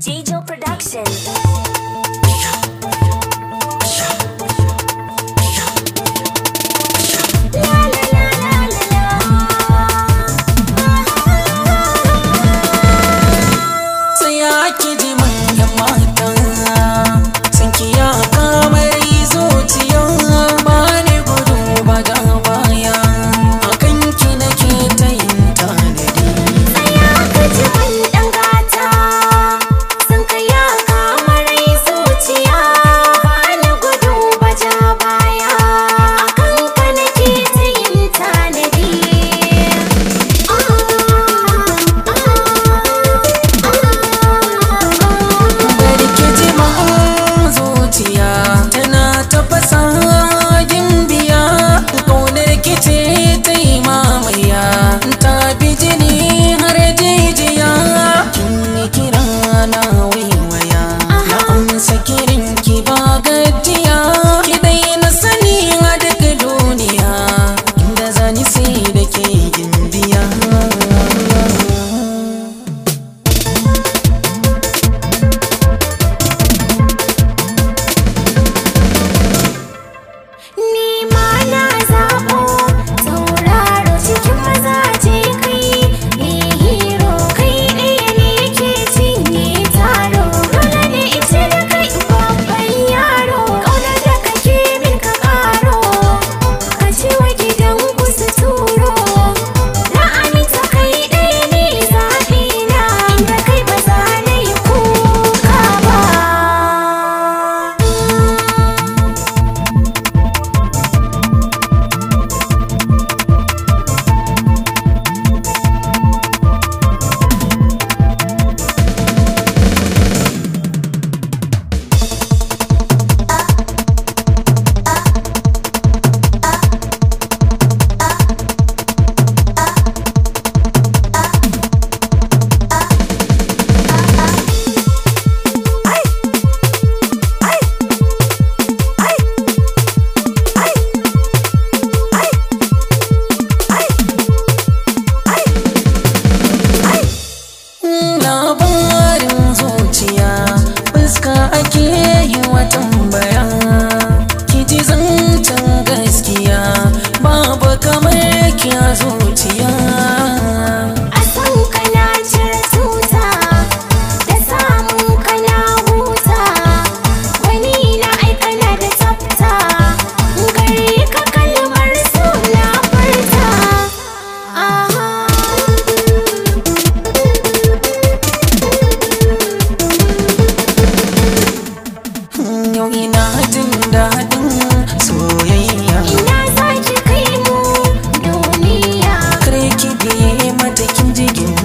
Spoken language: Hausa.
J Production. Productions. ina jin soyayya ina sake kai mu duniya kare ki biye mata jigin